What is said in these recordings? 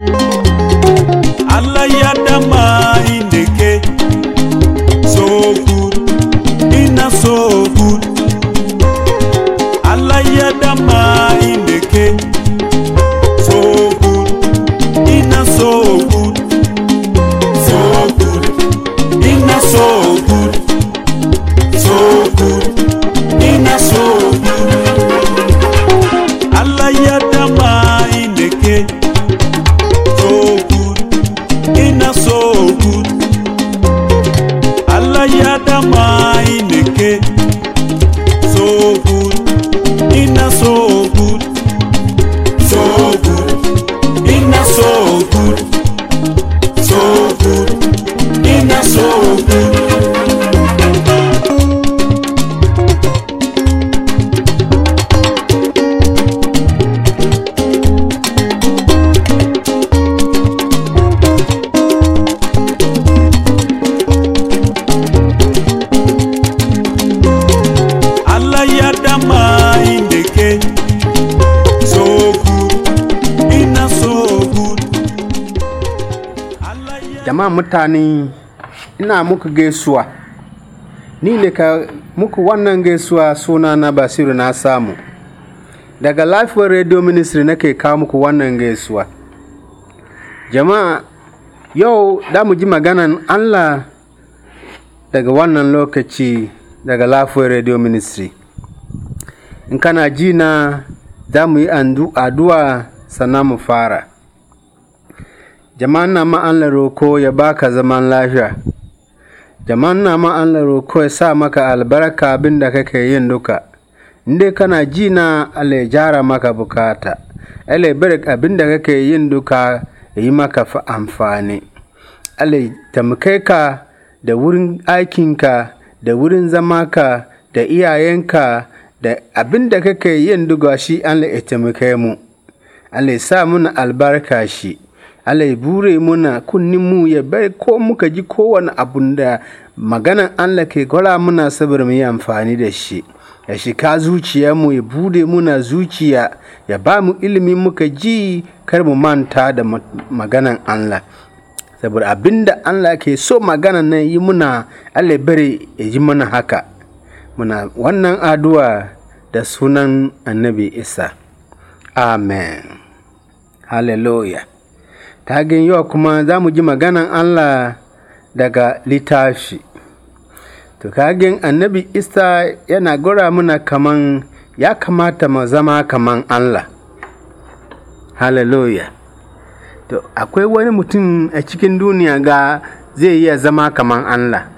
you mutane ina muku gaisuwa ni ne ka muku wannan gaisuwa suna na basiru na samu daga lafiyar radio ministry na ke kawo muku wannan gaisuwa jama'a yau da mu ji maganan allah daga wannan lokaci daga life radio ministry in kana ji na za mu yi addu'a sannan mu fara Jama'an na ma Allah roko ya baka zaman lafiya. Jama'an na ma Allah roko ya sa maka albarka abin da kake yin duka. inda kana ji na Allah jara maka bukata. Allah ya bari abin da kake yin duka ya yi maka amfani. Allah tamkai ka da wurin aikinka, da wurin ka da iyayenka, da abin da kake yin duka shi Allah ya tamkai mu. Allah sa muna albarka shi. Allah ya bure muna mu ya bai ko muka ji kowane abun da maganan Allah ke gwara muna saboda mu yi amfani da shi. Ya shika mu ya bude muna zuciya ya ba mu ilimi muka ji kar mu manta da maganan Allah. Saboda abin da Allah ke so maganan nan yi muna Allah ya bari ya ji mana haka. Muna wannan addu'a da sunan annabi Isa. Amen. Hallelujah. tagin yau kuma za mu ji maganan Allah daga littafi. To kagin annabi Isa yana gura muna kaman ya kamata mu zama kaman Allah. Hallelujah. To akwai wani mutum a cikin duniya ga zai iya zama kaman Allah.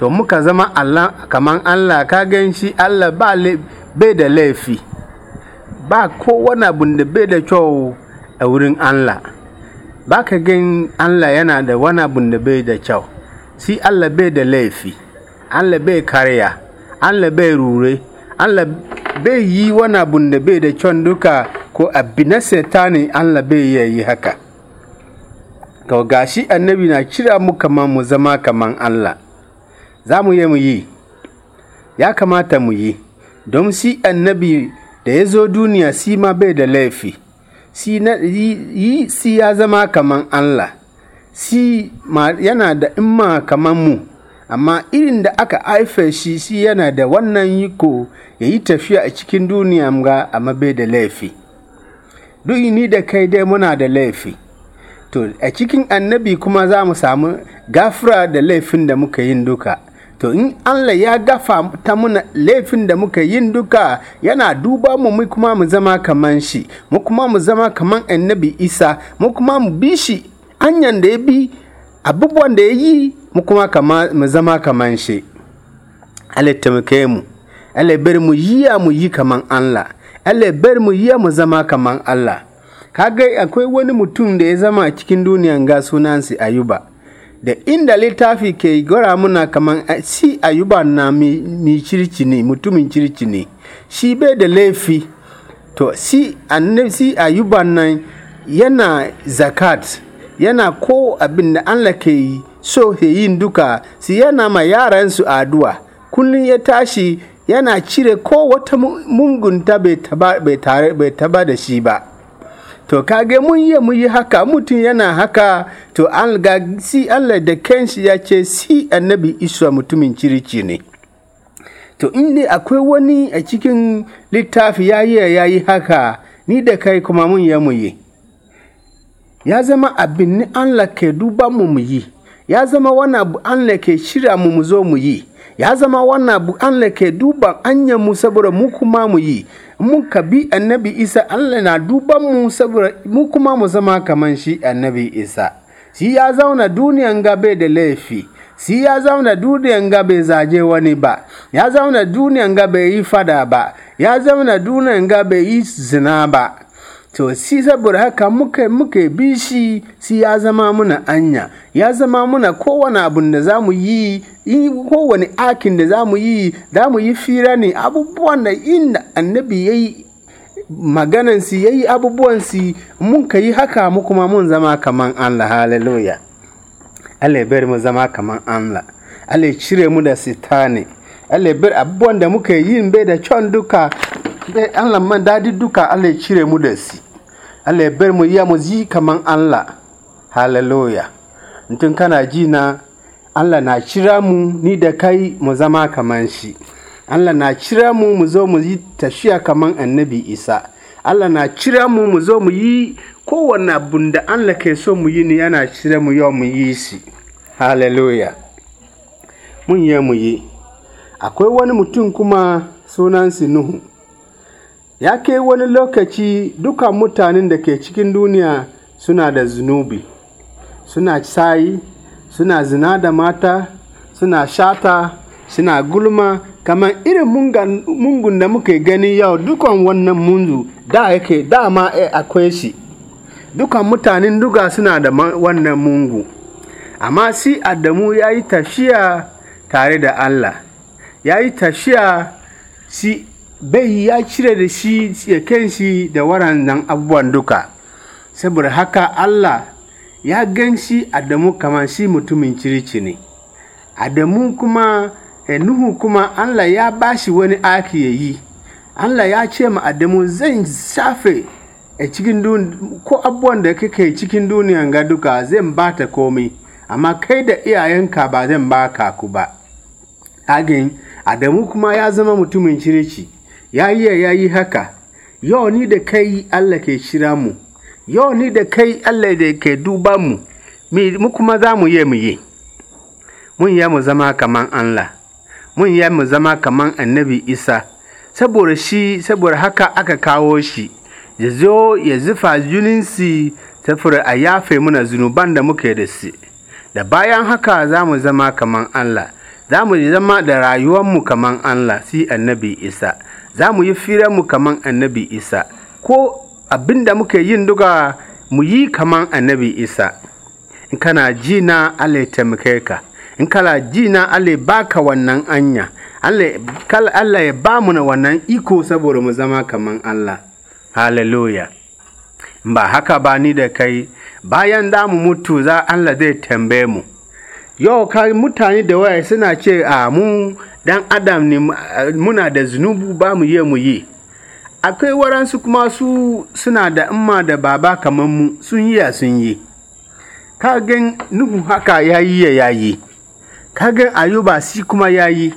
To muka zama Allah kaman Allah kagan shi Allah ba bai da laifi. Ba kowane abin da bai da kyau a wurin Allah. ba ka gan Allah yana da wani abun da bai da kyau si Allah bai da laifi Allah bai karya Allah bai rure Allah bai yi wani abun da bai da kyau duka ko abu na satani Allah bai yi haka to gashi annabi na kira mu kaman mu zama kaman Allah za mu yi mu yi ya kamata mu yi don si annabi da ya zo duniya si ma bai da laifi yi si ya zama kaman Allah si yana da imma kaman mu amma irin da aka haife shi shi yana da wannan yi ko ya yi tafiya a cikin duniya ga a mabe da laifi duk ni da kai dai muna da laifi to a cikin annabi kuma za mu samu gafura da laifin da muka yin duka to in Allah ya gafa ta muna laifin da muka yin duka yana duba mu mu kuma mu zama kaman shi mu kuma mu zama kaman annabi Isa mu kuma mu bi shi hanyar da ya bi abubuwan da ya yi mu kuma mu zama kaman shi Allah muke mu Allah bar mu yiya mu yi kaman Allah Allah bar mu yiya mu zama kaman Allah kaga akwai wani mutum da ya zama cikin duniyan ga sunansa Ayuba da inda littafi ke gora muna kaman eh, si ayuba na mi circi ne mutumin circi ne shi bai da laifi to si annabci ayuba nan yana zakat yana ko abin da allah ke so ke yin duka si yana ma yaran su addu'a kullum ya tashi yana cire ko wata mungunta bai taba da shi ba to kage mun yi mun yi haka mutum yana haka to an ga si Allah da kanshi ya ce si annabi Isa mutumin cirici ne to in akwai wani a cikin littafi ya yi ya yi haka ni da kai kuma mun yi mun yi ya zama abin ni Allah ke duba mu mu yi ya zama wani abu Allah ke shirya mu mu zo mu yi ya zama wannan abu Allah ke duban anyan mu saboda mu kuma mu yi mun ka bi annabi isa Allah na duban mu saboda mu kuma mu zama kaman shi annabi isa shi ya zauna duniyan gabe da laifi shi ya zauna duniyan ga bai zaje wani ba ya zauna duniyan ga bai yi fada ba ya zauna duniyan ga bai yi zina ba to si saboda haka muka muka bi shi si ya zama muna anya ya zama muna kowane abun da za mu yi kowane akin da za mu yi za mu yi fira ne abubuwan da inda annabi ya yi maganansu ya yi abubuwansu mun ka yi haka mu kuma mun zama kaman Allah hallelujah Allah bari mu zama kaman Allah Allah cire mu da sitani Allah bari abubuwan da muka yi bai da can duka dai Allah man dadi duka Allah ya cire mu da si Allah ya bar mu iya mu ji kaman Allah hallelujah mutum kana ji na Allah na cira mu ni da kai mu zama kaman shi Allah na cira mu mu zo mu yi tafiya kaman annabi Isa Allah na cira mu mu zo mu yi kowanne abun da Allah ke so mu yi ni yana cire mu yau mu yi shi hallelujah mun yi mu yi akwai wani mutum kuma sunan Nuhu ya kai wani lokaci duka mutanen da ke cikin duniya suna da zunubi suna sayi suna zina da mata suna shata suna gulma kamar irin mungun da muke gani yau dukan wannan munzu da yake dama e akwai shi dukan mutanen duka suna da wannan mungu amma si adamu ya yi tashiya tare da allah ya yi tashiya si bai ya cire da shi ya kan shi da waɗannan abubuwan duka saboda haka Allah ya gan shi Adamu kamar shi mutumin cirici ne Adamu kuma eh, Nuhu kuma Allah ya ba shi wani aki ya yi Allah ya ce ma Adamu zan safe a eh, cikin ko abubuwan da kake cikin duniyan ga duka zan ba ta komai amma kai da iyayenka ba zan ba ka ku ba Adamu kuma ya zama mutumin cirici ya yi ya yi haka yau ni da kai Allah ke shira mu yau ni da kai Allah da ke duba mu mu kuma za mu yi mu yi mun ya mu zama kaman Allah mun ya mu zama kaman annabi Isa saboda shi saboda haka aka kawo shi ya zo ya zufa juninsi saboda a yafe muna zunuban da muke da su da bayan haka za mu zama kaman Allah za mu zama da mu kaman Allah si annabi Isa za mu yi mu kaman annabi isa ko abin da muke yin duka mu yi kaman annabi isa in kana ji na allah ya taimake ka in kana ji na allah ya baka wannan anya allah ya ba mu na wannan iko saboda mu zama kaman allah hallelujah ba haka ba ni da kai bayan da mu mutu za allah zai tambaye mu yau ka mutane da waya suna ce a mu dan adam ne muna da zunubu ba mu yi mu yi akwai waransu kuma su suna da imma da baba kamar mu sun yi sun yi nuhu haka ya yi ya yayi kagan ayuba si kuma ya yi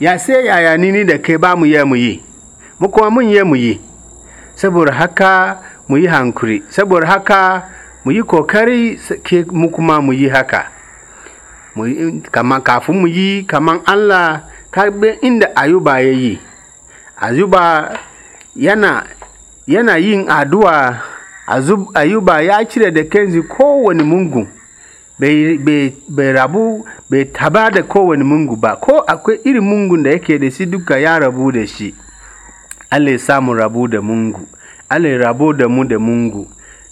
ya sai yaya ni ni da kai ba mu yi mu yi mu kuma mun yi mu yi saboda haka mu yi hankuri saboda haka mu yi kokari mu kuma mu yi haka kafin mu yi kaman Allah karbe inda ayuba ya yi ayuba yana yana yin addu'a ayuba ya cire da kenzi kowane mungu bai rabu bai taba da kowane mungu ba ko akwai irin mungun da yake da shi duka ya rabu da shi allah samu rabu da mungu allah rabu da mu da mungu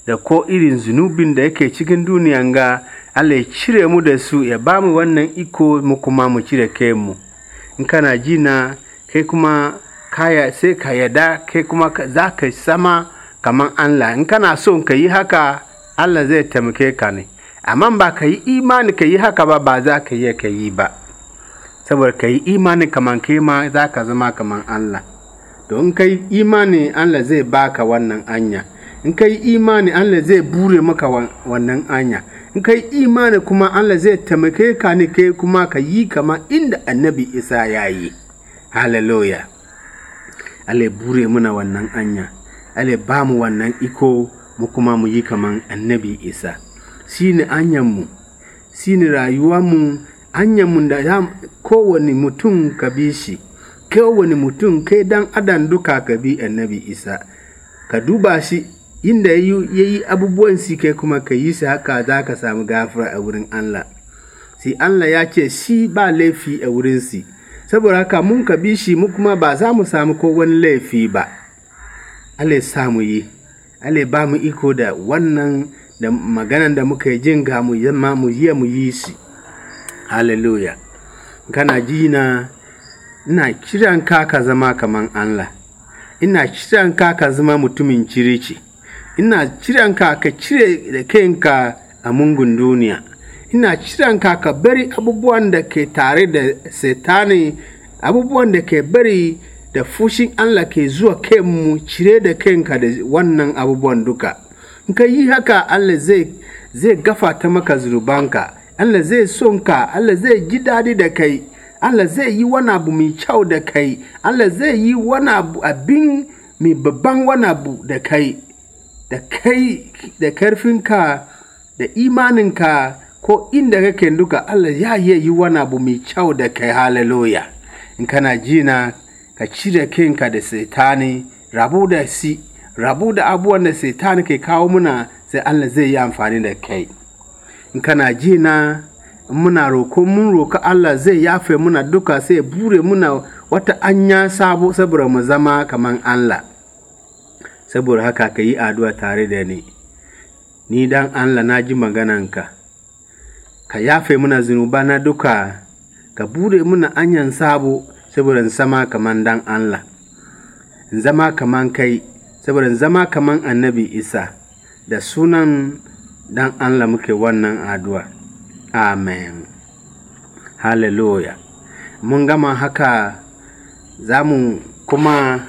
da ko irin zunubin da yake cikin duniyan ga Allah ya cire mu da su ya ba mu wannan iko mu kuma mu cire kayanmu in kana ji na kai kuma kaya sai ka yada kai kuma za ka sama kamar Allah in kana son ka yi haka Allah zai taimake ka ne amma ba ka yi imani ka yi haka ba ba za ka yi ka yi ba saboda ka yi imani kamar kai ma za ka zama kamar Allah don ka yi imani Allah zai baka wannan anya in ka yi imani Allah zai bure maka wannan anya in kai imani kuma Allah zai taimake ka ne kai kuma ka yi kama inda annabi isa ya yi hallelujah Allah bure muna wannan anya Allah ba mu wannan iko mu kuma mu yi kaman annabi isa shi ne anyanmu shi ne rayuwarmu anyanmu da kowane mutum ka bi shi kowane mutum kai dan adam duka ka bi annabi isa ka duba shi inda ya yi abubuwan si kai kuma ka yi su haka za ka samu gafara a wurin Allah si Allah ya ce shi ba laifi a wurin si saboda haka mun ka bi shi mu kuma ba za mu samu ko wani laifi ba Allah ya samu yi Allah ba mu iko da wannan da maganan da muka yi jin ga mu yamma mu yi mu yi shi hallelujah kana ji na ina kiran ka ka zama kaman Allah ina kiran ka ka zama mutumin kirici ina ciranka ka cire da kayanka a mungun duniya ina ciranka ka bari abubuwan da ke tare da setani abubuwan da ke bari da fushin Allah ke zuwa kanmu cire da kanka da wannan abubuwan duka in ka yi haka Allah zai zai gafata maka zurbanka Allah zai son ka Allah zai ji daɗi da kai Allah zai yi wani abu mai kyau da kai Allah zai yi wani abu abin mai babban wani abu da kai da kai da karfinka da imaninka ko inda kake duka Allah ya iya yi wani abu mai kyau da kai hallelujah in kana jina ka cire kanka da saitani rabu da si rabu da abubuwan da saitani ke kawo muna sai Allah zai yi amfani da kai in kana jina muna roko mun roka Allah zai yafe muna duka sai bure muna wata anya sabo saboda mu zama kaman Allah saboda haka ka yi addu'a tare da ni ni dan Allah na ji magananka ka yafe muna zunuba na duka ka bude muna anyan sabo saboda in sama kaman dan Allah in zama kaman kai saboda in zama kaman annabi Isa da sunan dan Allah muke wannan addu'a amen hallelujah mun gama haka za mu kuma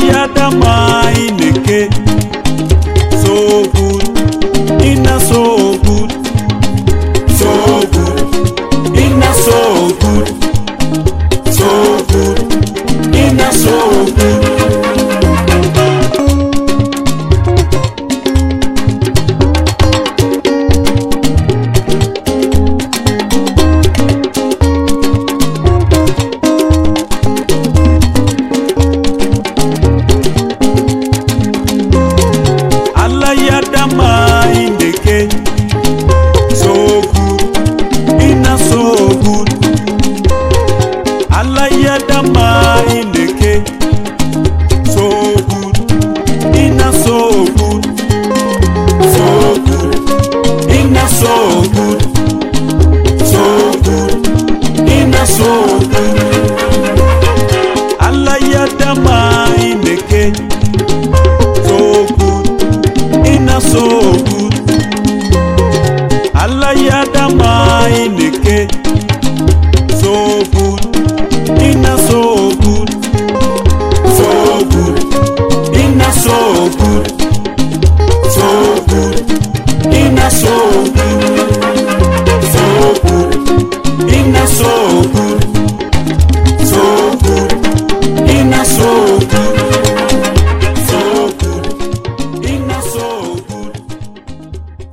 ya dama ineke so good ina so good so good ina so good so good ina so good binadamu ini